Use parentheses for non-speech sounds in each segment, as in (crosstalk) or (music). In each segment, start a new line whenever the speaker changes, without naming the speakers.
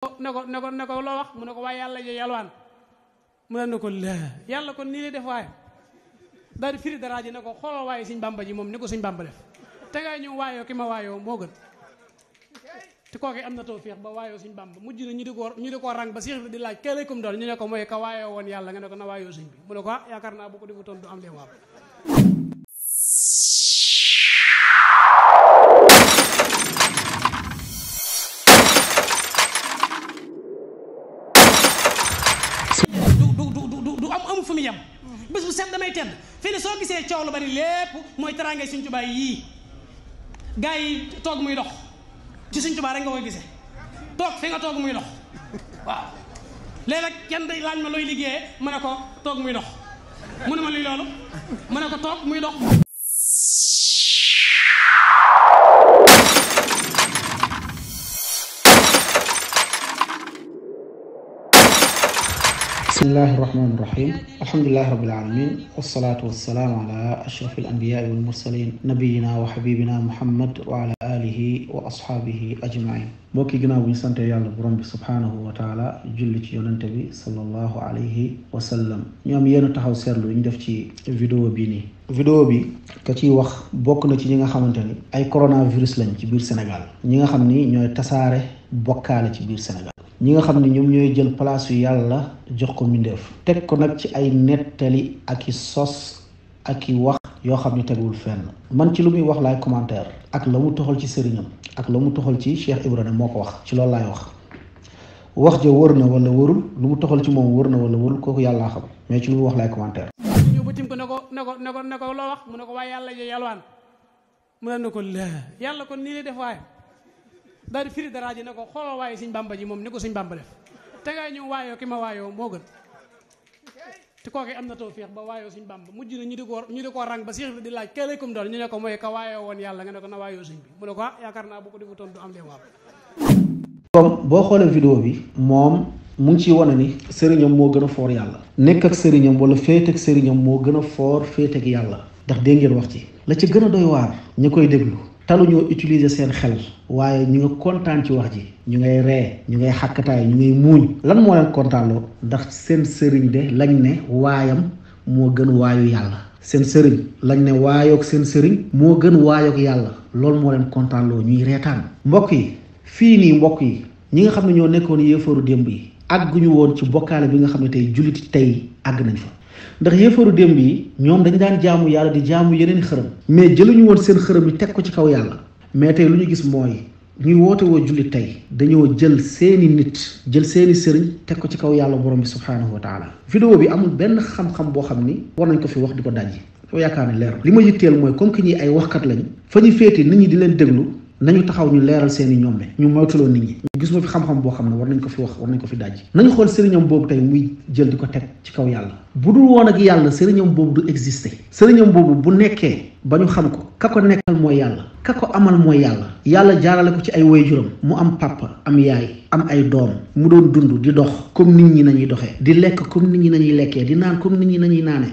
ne ko ne ko ne ko loo wax mu ne ko waay yàlla jo yalwaan mu ne ko laa yàlla kon nii lay def waaye daal di firi daraa ji ne ko xoolal waaye suñ bàmba ji moom ni ko suñ bàmba def te ngay ñëw waayoo ki ma waayoo moo gën te kooke am na tawféex ba waayoo suñ bàmba mujj na ñu di ko ñu di ko rang ba Seex Ibra di laaj kay doon ñu ne ko mooy ka waayoo woon yàlla nga ne ko na waayoo suñ bi mu ne ko ah yaakaar naa bu ko defutoon du am lee waaw fu mu yem bés bu set damay tedd fii ne soo gisee coow lu bari lépp mooy teraangay Sëñ Tuubaa yii gaa yi toog muy dox ci Sëñ Tuubaa rek nga koy gisee toog fi nga toog muy dox waaw kenn day laaj ma looy liggéeyee ma ne ko toog muy dox mu ne ma luy loolu mu ne ko toog muy dox bismillahi irrahmani irrahim alhamdulilahi rabil alamin wasalaatu wasalaamu ala ashrafi alanbiyaai walmursalin nabiyina wa xabibina muhammad wa ala alihi wa ashaabihi ajmain mbokki ginnaaw bu ñu sante yàlla borom bi subhaanahu wa taala julli ci yonante bi sallallahu alayhi wa sallam ñu am yenn taxaw seetlu ñu def ci vidéo bii nii vidéo bi ka ciy wax bokk na ci ñi nga xamante ni ay coronavirus lañ ci biir Sénégal ñi nga xam ni ñooy tasaare bokkaale ci biir Sénégal ñi nga xam ne ñoom ñooy jël place yu yàlla jox ko mindeef teg ko nag ci ay nettali ak i sos ak i wax yoo xam ne tegul fenn man ci lu muy wax laay commentaire ak la mu toxal ci sëriñam ak la mu toxal ci cheikh ibrahima moo ko wax ci loolu laay wax wax ja wër na wala wërul lu mu toxal ci moom wër na wala wërul kooku yàllaa xam mais ci lu mu wax laay commentaire ñu bu tim ko nako nako nako nako loo wax mu ne ko waaye yàlla ja yalwaan mu ne ko laa yàlla kon nii lay def waaye dari di firi dara ji ne ko niko waaye suñ bamba ji moom ni ko suñ bàmba def te ngay ñu waayoo ki ma waayoo moo gën te kooke am na fiix ba waayoo suñ bamba mujj na ñu di ko ñu di ko rang ba seex di laaj kum dool ñu ne ko mooy ka waayoo woon yàlla nga ne ko na waayoo suñ bi mu ne ko ah yaakaar naa bu ko defutoon du am lee waaw comme boo xoolee vidéo bi moom mu ngi ciy wane ni sëriñam moo gën a foor yàlla nekk ak sëriñam wala féet ak sëriñam moo gën a foor yàlla ndax dégg ngeen wax ci la ci gën doy waar ña koy taluñoo utiliser seen xel waaye ñu nga kontaan ci wax ji ñu ngay ree ñu ngay xàkkataay ñu ngay muuñ lan moo leen kontaanloo ndax seen sëriñ de lañ ne waayam moo gën waayu yàlla seen sëriñ lañ ne waayook seen sëriñ moo gën waayoog yàlla loolu moo leen kontaanloo ñuy reetaan mbokk yi fii nii mbokk yi ñi nga xam ne ñoo nekkoon yéefaru démb yi àgguñu woon ci bokkaale bi nga xam ne tey jullit tey àgg nañ fa ndax yéefaru démb yi ñoom dañu daan jaamu yàlla di jaamu yeneen xërëm mais jëluñu woon seen xërëm yi teg ko ci kaw yàlla mais tey lu ñu gis mooy ñuy woote woo julli tey dañoo jël seeni nit jël seeni sëriñ teg ko ci kaw yàlla borom bi subhaanahu wa taala vidéo bi amul benn xam-xam boo xam ni war nañ ko fi wax di ko dajji doo yaakaar ne leer li ma yitteel mooy comme que ñi ay waxkat lañ fa ñu féete nit ñi di leen déglu nañu taxaw ñu leeral seeni ñombe ñu moytuloo nit ñi gis ma fi xam-xam boo xam ne war nañ ko fi wax war nañ ko fi dajj nañu xool sëriñam boobu tey muy jël di ko teg ci kaw yàlla bu dul woon ak yàlla sëriñam boobu du exister sëriñam boobu bu nekkee ba ñu xam ko ka ko nekkal mooy yàlla ka ko amal mooy yàlla yàlla jaarale ko ci ay waajuram mu am papa am yaay am ay doom mu doon dund di dox comme nit ñi nañuy doxee di lekk comme nit ñi nañuy lekkee di naan comme nit ñi nañuy naanee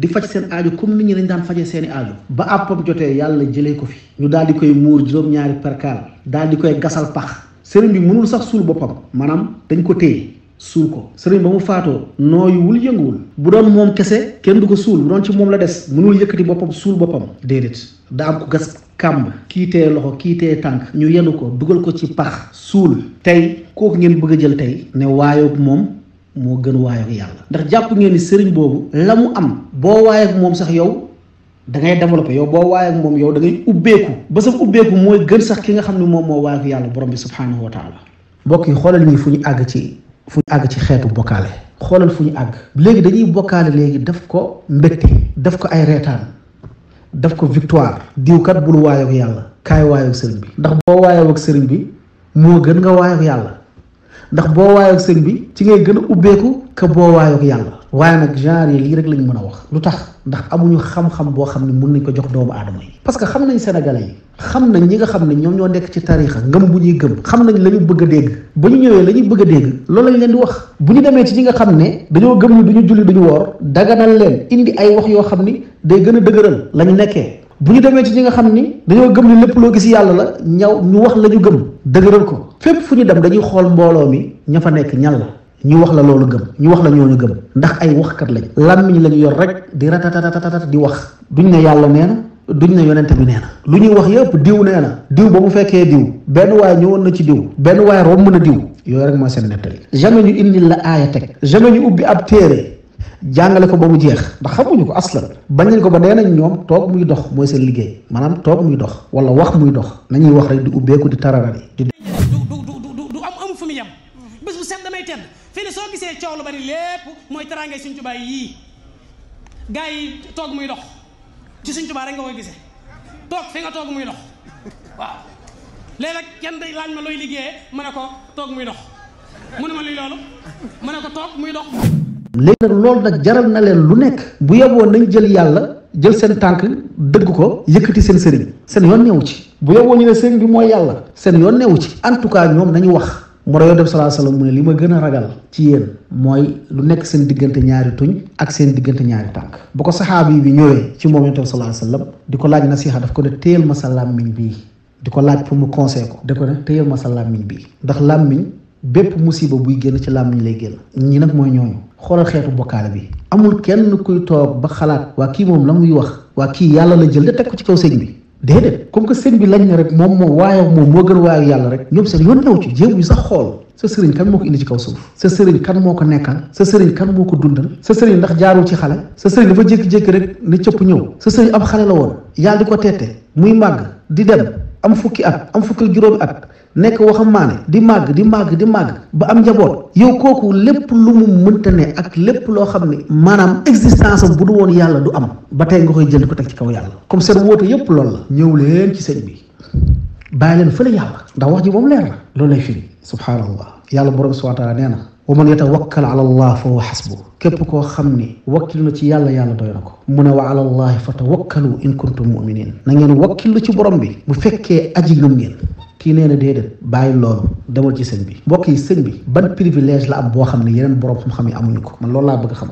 di faj seen aajo comme nit ñi dañ daan faje seen i aajo ba àppam jotee yàlla jëlee ko fi ñu daal di koy muur juróom-ñaari perkaal daal di koy gasal pax sëriñ bi mënul sax suul boppam maanaam dañ ko téye suul ko sëriñ ba mu faatoo nooyuwul yënguwul bu doon moom kese kenn du ko suul bu doon ci moom la des mënul yëkkati boppam suul boppam déedéet da am ko gas kàmb kiitee loxo kiitee tànk ñu yenu ko dugal ko ci pax suul tey kooku ngeen bëgg a jël tey moo gën waay ak yàlla ndax jàpp ngeen ni sëriñ boobu la mu am boo waay ak moom sax yow da ngay développé yow boo waay ak moom yow da ngay ubbeeku ba sa ubbeeku mooy gën sax ki nga xam ne moom moo waay ak yàlla borom bi subhanahu wa taala mbokk yi xoolal ñi fu ñu àgg ci fu ñu àgg ci xeetu bokkaale xoolal fu ñu àgg léegi dañuy bokkaale léegi daf ko mbégte daf ko ay reetaan daf ko victoire diwkat bul waayoo ak yàlla kaay waayoo ak sëriñ bi ndax boo waayoo ak sëriñ bi moo gën nga waayoo ak yàlla ndax boo waayoo ak bi ci ngay gën a ubbeeku que boo waayoo yàlla waaye nag genre yi lii rek lañ mën a wax lu tax ndax amuñu xam-xam boo xam ne mun nañ ko jox doomu aadama yi parce que xam nañ sénégalais yi xam nañ ñi nga xam ne ñoom ñoo nekk ci tariixa ngëm bu ñuy gëm xam nañ la ñu bëgg a dégg ba ñu ñëwee la ñuy bëgg a dégg loolu lañ leen di wax bu ñu demee ci ñi nga xam ne dañoo gëm ni duñu julli duñu woor daganal leen indi ay wax yoo xam ni day gën a dëgëral lañ nekkee bu ñu demee ci ñi nga xam ni dañoo gëm ni lépp loo gis yàlla la ñaw ñu wax la ñu gëm dëgëral ko fépp fu ñu dem dañuy xool mbooloo mi ña fa nekk ñan la ñu wax la loolu gëm ñu wax la ñooñu gëm ndax ay waxkat lañ làmmiñ lañu yor rek di ratatatatata di wax duñ ne yàlla nee na duñ ne yonente bi nee na lu ñuy wax yëpp diw nee na diw ba mu fekkee diw benn waay ñëwoon na ci diw benn waay romb na diw yooyu rek mooy seen nettali jamais ñu indil la aaya teg jamais ñu ubbi ab téere jàngale ko ba mu jeex ndax xamuñu ko aslan bañ nañ ko ba nee nañ ñoom toog muy dox mooy seen liggéey maanaam toog muy dox wala wax muy dox nañuy wax rek di ubbeeku di tararari di du du am amu fu mu yem bés bu set damay tedd fii ne soo gisee coow lu bari lépp mooy teraangay suñ Tuubaa yii gaa yi toog muy dox ci Sëñ Tuubaa rek nga koy gisee toog fi nga toog muy dox waaw léegi nag kenn day laaj ma looy liggéeyee ma ne ko toog muy dox mu luy loolu léegi nag loolu nag jaral na leen lu nekk bu yeboo nañ jël yàlla jël seen tànk dëgg ko yëkkati seen sëriñ seen yoon newu ci bu yeboo ñu ne sëriñ bi mooy yàlla seen yoon newu ci en tout cas ñoom nañu wax mu ra def salaa salaam mu ne li ma gën ragal ci yéen mooy lu nekk seen diggante ñaari tuñ ak seen diggante ñaari tànk bu ko saxaabi bi ñëwee ci moom yonent bi salaa di ko laaj nasiha daf ko ne téyel ma sa làmmiñ bii di ko laaj pour mu conseil ko da ko ne téyel ma sa làmmiñ bii ndax làmmiñ bépp musiba buy génn ci làmmiñ lay génn ñii nag mooy ñooñu xoolal xeetu bokkaale bi amul kenn kuy toog ba xalaat waa kii moom la muy wax waa kii yàlla la jël de teg ko ci kaw sëñ bi déedéet comme que sëñ bi lañ ne rek moom moo waayo moom moo gën waayu yàlla rek ñoom seen yoon new ci jéemuñu sax xool sa sëriñ kan moo ko indi ci kaw suuf sa sëriñ kan moo ko nekkal sa sëriñ kan moo ko dundal sa sëriñ ndax jaarul ci xale sa sëriñ dafa jékki-jékki rek ne cëpp ñëw sa sëriñ ab xale la woon yàlla di ko teete muy màgg di dem am fukki at am fukki juróomi at nek nekk waxambaane di mag di mag di mag ba am jabot yow koku lépp lu mu meunta ne ak lépp lo xam manam existence bu du won yàlla du am batay nga koy jënd ko tek ci kaw yàlla comme sen wote yépp loolu la ñëw leen ci sëñ bi bàyyi leen fële yàlla da wax ji moom leer la loolu lay firi subhanallah yàlla borom subhanahu wa taala nee wa man yatawakkal ala allah fa huwa hasbu kep ko xam ni wakkilu na ci yàlla yàlla doy na ko mu wa ala allah fa tawakkalu in kuntum muminin na ngeen wakkilu ci borom bi bu fekke aji ngëm ngeen kii nee na déedéet bàyyi loolu demal ci sëñ bi mbokk yi sëñ bi ban privilège la am boo xam ne yeneen borom xam-xam yi amuñu ko man loolu laa bëgg xam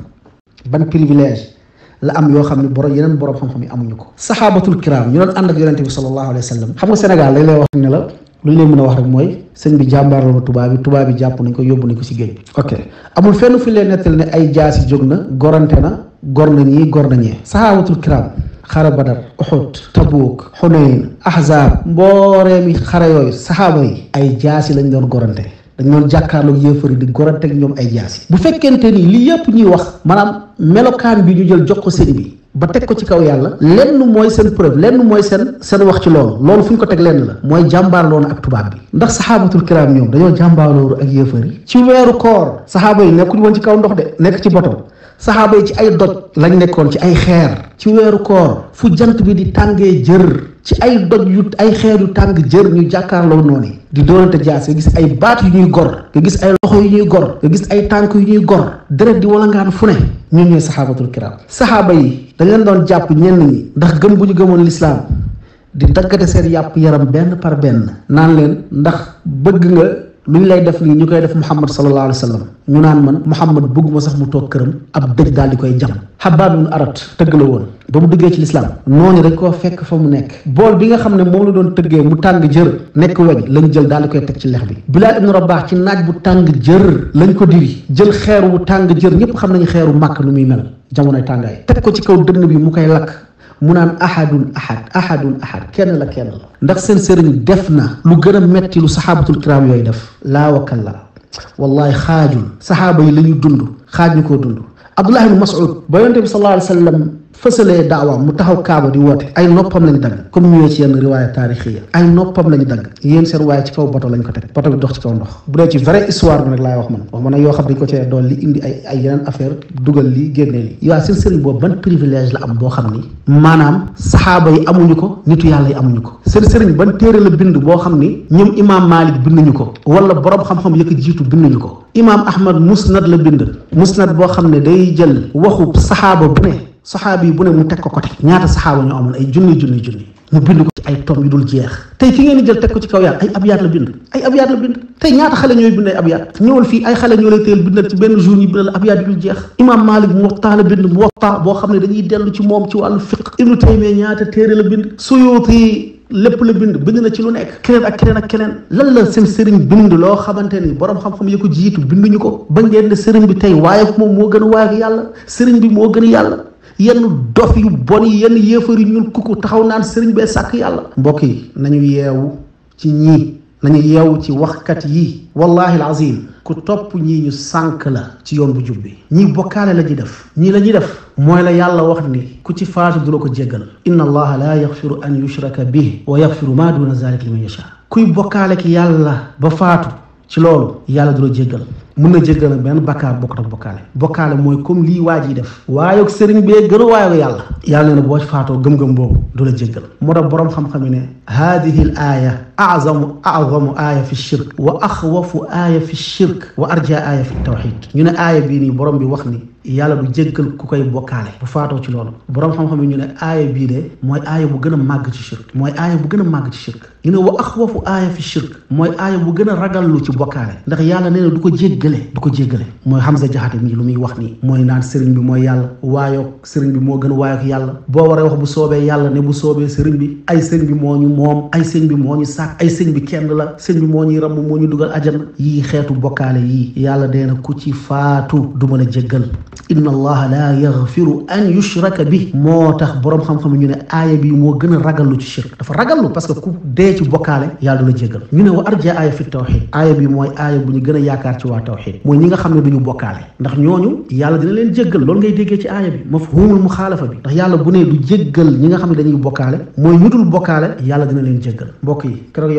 ban privilège la am yoo xam ne borom yeneen borom xam-xam yi amuñu ko saxaabatul kiram ñu doon ànd ak yonente bi xam nga Sénégal lañ lay wax la lu ñu leen mën a wax rek mooy sëñ bi jàmbaar la tubaab bi tubaab bi jàpp nañ ko yóbbu nañ ko si géej bi ok amul fenn fu leen nettali ne ay jaasi jóg na gorante na gor na ñii gor na ñee saxaabatul kiram xare badar uxut tabuuk xunayn ahzaab mbooreemi xare yooyu saxaaba yi ay jaasi lañ doon gorante dañ doon jàkkaarloog yéefar yi di gorante ak ñoom ay jaasi bu fekkente ni li yépp ñuy wax maanaam melokaan bi ñu jël jox ko sëriñ bi ba teg ko ci kaw yàlla lenn mooy seen preuve mooy seen seen wax ci loolu loolu fu ñu ko teg lenn la mooy jàmbaarloo na ak tubaab bi ndax saxaabatul kiraam ñoom dañoo jàmbaarlooru ak yéefar yi ci weeru koor saxaaba yi ci kaw ndox de nekk ci boto saxaaba yi ci ay doj lañ nekkoon ci ay xeer ci weeru koor fu jant bi di tàngee jër ci ay doj yu ay xeer yu tàng jër ñu jàkkaarloo noonu di doonante jaas nga gis ay baat yu ñuy gor nga gis ay loxo yu ñuy nga gis ay tànk yu ñuy gor deret di walangaan fu ne ñun ñooy saxaabatul kiram saxaaba yi dañ leen doon jàpp ñenn ñi ndax gëm bu ñu gëmoon lislaam di daggate seen yàpp yaram benn par benn naan leen ndax bëgg nga mi ngi lay def nii ñu koy def Muhammad sallallahu alayhi wa sallam ñu naan man Muhammad bëgguma sax mu toog këram ab dëj daal di koy jam xabaabun arat tëgg la woon ba mu duggee ci lislaam noonu dañ koo fekk fa mu nekk bool bi nga xam ne moom la doon tëggee mu tàng jër nekk weñ lañ jël daal di koy teg ci lex bi Bilaal ibnu Rabaax ci naaj bu tàng jër lañ ko diri jël xeer wu tàng jër ñëpp xam nañu xeeru màkk lu muy mel jamonoy tàngaay teg ko ci kaw dënn bi mu koy lakk mu naan ahadun ahad ahadun ahad kenn la kenn la ndax seen sëriñ def na lu gën a metti lu saxaabatul kiraam yooyu def laa wakkal la wallahi xaajul saxaaba yi la ñu dund xaaj ñu koo dund abdullah ibn mas'ud ba yonte bi sallallahu alayhi wa sallam fësalee daawaam mu taxaw kaaba di woote ay noppam lañ dagg comme ñëwee ci yenn riwaaya taarix yi ay noppam lañ dagg yéen seen waaye ci kaw bato lañ ko teg bato bi dox ci kaw ndox bu dee ci vraie histoire bi nag laay wax man wax man nag yoo xam dañ ko cee dool li indi ay ay yeneen affaire dugal li génnee li yow seen sëriñ boobu ban privilège la am boo xam ni maanaam saxaaba yi amuñu ko nitu yàlla yi amuñu ko seen sëriñ ban téere la bind boo xam ni ñoom imaam Malik binduñu ko wala borom xam-xam yëkk jiitu binduñu ko imaam Ahmad musnad la bind musnad boo xam ne day jël waxu saxaaba bu ne صحابي بني متكو كوتي نياتا صحابه ني امون اي جوني جوني جوني ني بيند كو اي توم يدول جيخ تاي كي ني جيل تكو سي كاو يار اي ابيات لا بيند اي ابيات لا بيند تاي نياتا خالا نيو بيند ابيات نيول في اي خالا نيو لا تيل بيند سي بن جور ني بيند ابيات يدول جيخ امام مالك مو طالب بيند مو طا بو خامل دا ني ديلو سي موم سي والو فيق ابن تيميه نياتا تيري لا بيند lepp la bind bind na ci lu nekk keneen ak keneen ak keneen lan la seen sëriñ bind loo xamante borom xam-xam ya ko bindu ñu ko ba ngeen ne bi tey waaye moom moo gën a yàlla sëriñ bi moo gën yàlla yenn dof yu bon yi yenn yéefar yu ñun kukku taxaw naan sëriñ bee sàkk yàlla mbokk yi nañu yeewu ci ñii nañu yeewu ci waxkat yi wallahi alazim ku topp ñii ñu sànk la ci yoon bu jub bi ñii bokkaale la ñuy def ñii la ñuy def mooy la yàlla wax ni ku ci faatu du la ko jéggal inna allaha la yaxfiru an yushraka bih wa yaxfiru ma duna zalik liman yasha kuy bokkaale ki yàlla ba faatu ci loolu yàlla du la jéggal mën na jéggal benn bakkaar bokkut ak bokkaale bokkaale mooy comme lii waa ji def waayoog sëriñ bee gën a waayoog yàlla yàlla ne boo ci faatoo gëm-gëm boobu du la jéggal moo tax borom xam-xam ne hadihi l aaya azamu azamu aaya fi shirk wa axwafu aaya fi shirk wa arja aaya fi tawxid ñu ne aaya bii nii borom bi wax ni yàlla du jéggal ku koy bokkaale bu faatoo ci loolu boroom xam-xam yi ñu ne aaya bii de mooy aaya bu gën a màgg ci shirk mooy aaya bu gën a màgg ci shirk ñu ne wa axwafu aaya fi shirk mooy aaya bu gën a ragallu ci bokkaale ndax yàlla nee na du ko jéggale du ko jéggale mooy Hamza Jaxate mii lu muy wax nii mooy naan sëriñ bi mooy yàlla waayoog sëriñ bi moo gën a waayoog yàlla boo waree wax bu soobee yàlla ne bu soobee sëriñ bi ay sëriñ bi moo ñu moom ay sëñ bi moo ñu sàkk ay sëñ bi kenn la sëñ bi moo ñuy ramm moo ñu dugal ajana yii xeetu bokkaale yii yàlla dee na ku ci faatu du mën a jéggal ان الله لا يغفر ان يشرك به موتاخ بروم خام خام xam ñu ne aaya bi moo gën a ragallu ci shirk dafa ragallu parce que ku dee ci bokkaale yàlla du la jéggal ñu ne ايه arja aaya ايه tawxid aaya bi mooy aaya bu ñu gën a yaakaar ci waa tawxid mooy ñi nga xam ne duñu bokkaale ndax ñooñu yàlla dina leen jéggal loolu ngay بي ci aaya bi mafhumul muxaalafa bi ndax yàlla bu ne du jéggal ñi nga xam ne dañuy bokkaale mooy ñu dul bokkaale yàlla dina leen jéggal mbokk yi keroog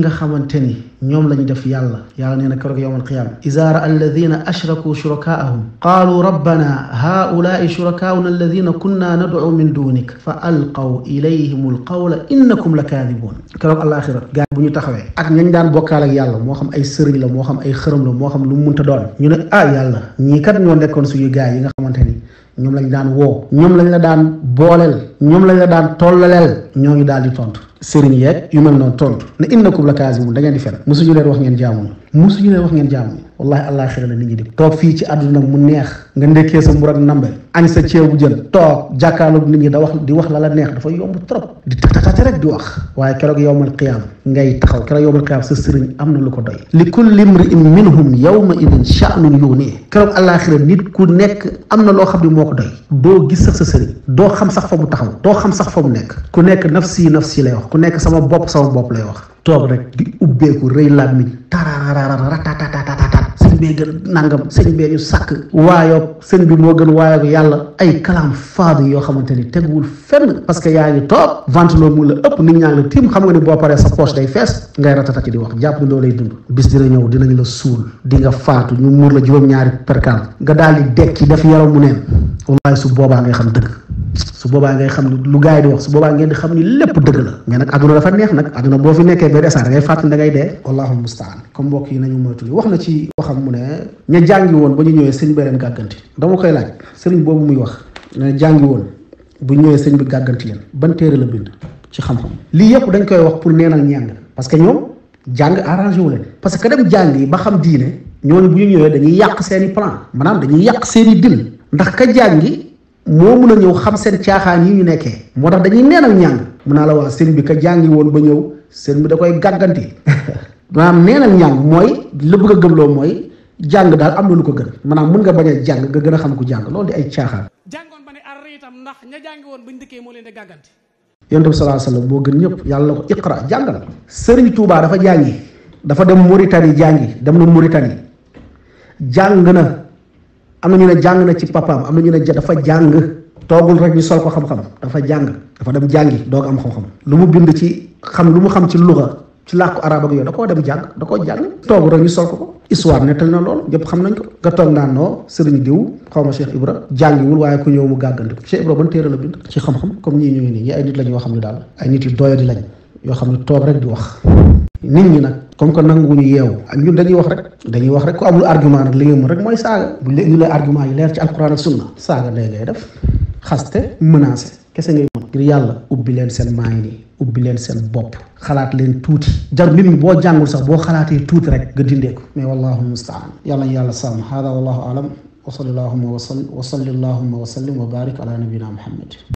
nga xamanteni ñom lañu def yàlla yàlla neena na yowal qiyam izara isaara أشركوا شركاءهم قالوا ربنا هؤلاء شركاؤنا الذين كنا ندعو من دونك فألقوا إليهم القول إنكم لكاذبون كلام الله آخر قال بني تخوي أك نين دان بوكالك يالله موخم أي سري لا موخم أي خرم لا موخم لمونت دون نين آي يالله نيكات نون نكون سوي جاي ينغا خمانتني نيوم لن دان وو نيوم لن دان بولل نيوم لن دان تولل ñoo ngi daal di tontu sëriñ yeeg yu mel noonu tontu ne innakum la kaasibuun da ngeen di fen musuñu leen wax ngeen jaamuñu musuñu leen wax ngeen jaamuñu wallahi àllaaxira la nit ñi di toog mu neex nga ndekkee sa mbur ak nambe añ sa ceebu jën toog jàkkaarloog da wax di wax la la neex dafa yomb trop di tatatati rek di wax waaye keroog yowmal qiyaam ngay taxaw keroog yowmal qiyaam sa sëriñ am na lu ko doy li kulli imri'in minhum yawma idin sha'nun yughnihi keroog àllaaxira nit ku nekk am na loo xam ne moo ko doy doo gis sax sa sëriñ doo xam sax fa mu taxaw doo xam sax fa nekk nekk nafsi nafsi lay wax ku nekk sama bopp sama bopp lay wax toog rek di ubbeeku rëy làmmiñ tararararatatatatat sëñ bee gën nangam sëñ bee ñu sàkk waayoog sëñ bi moo gën waayoog yàlla ay kalaam faadu yoo xamante ni teguwul fenn parce que yaa ngi toog venteloo mu la ëpp nit ñaa ngi tiim xam nga ni boo paree sa poche day fees ngay ratata ci di wax jàpp ni lay dund bis dina ñëw dinañ la di nga faatu ñu muur la juróom-ñaari perkaal nga daal di dekki def mu neen wallaay su boobaa ngay xam dëgg su boobaa ngay xam ni lu gars yi di wax su boobaa ngeen di xam ni lépp dëgg la mais nag adduna dafa neex nag adduna boo fi nekkee ba desaar ngay fàttali da ngay dee wallaahu mustaan comme mbokk yi nañu moytu li wax na ci waxam mu ne ña jàngi woon ba ñu ñëwee sëñ boobu muy wax ne jàngi woon bu ñëwee sëñ bi gàgganti leen ban téere la bind ci xam-xam lii yëpp dañ koy wax pour neenal ñàng parce que ñoom jàng arrangé wu leen parce que dem jàng yi ba xam diine ñooñu bu ñu ñëwee dañuy yàq seen i plan maanaam dañuy yàq seen i dil ndax ka jàngi moo mun a ñëw xam seen caaxaan yi ñu nekkee moo tax dañuy neenal ñàng mun naa la wax sëriñ bi ka jàngi woon ba ñëw sëriñ bi da koy gàgganti (laughs) maanaam neenal ñàng mooy la bëgg a gëmloo mooy jàng daal am na lu ko gën maanaam mun nga bañ a jàng nga gën a xam ko jàng loolu di ay caaxaan jàngoon ba ne ar itam ndax ña jàngi woon bañ dëkkee moo leen di gàgganti yonent bi sallallahu alayhi wasallam boo gën ñëpp yàlla na ko iqra jàngal sëriñ tuubaa dafa jàngi dafa dem Mauritanie jàngi dem na Mauritanie jàng na am na ñu ne jàng na ci papaam am na ñu ne dafa jàng toogul rek ñu sol ko xam-xam dafa jàng dafa dem jàngi doog am xam-xam lu mu bind ci xam lu mu xam ci luga ci làkku arab ak yooyu da koo dem jàng da koo rek ñu sol ko ko histoire na loolu ñëpp xam nañ ko nga toog naan noo sëriñ diw xaw ma Cheikh Ibra jàngiwul waaye ku ñëw mu gàggandiku Cheikh Ibra ban téere xam-xam comme ñii ñu nii ñi ay nit la ñoo xam ne daal ay nit yu doyadi lañ yoo xam ne toog rek di wax nit ñi nag comme que nanguwuñu yeewu ak ñun dañuy wax rek dañuy wax rek ku amul argument nag li nga mën rek mooy saaga bu ñu lay argument yi leer ci alquran ak sunna saaga day ngay def xaste menacé kese ngay mën ngir yàlla ubbi leen seen maa ngi nii ubbi leen seen bopp xalaat leen tuuti jar mbir mi boo jàngul sax boo xalaatee tuuti rek nga dindee ko mais wallahu mustaan yàlla yàlla sàmm hada wallahu alam wa salli allahuma wa salli sallim wa barik ala nabina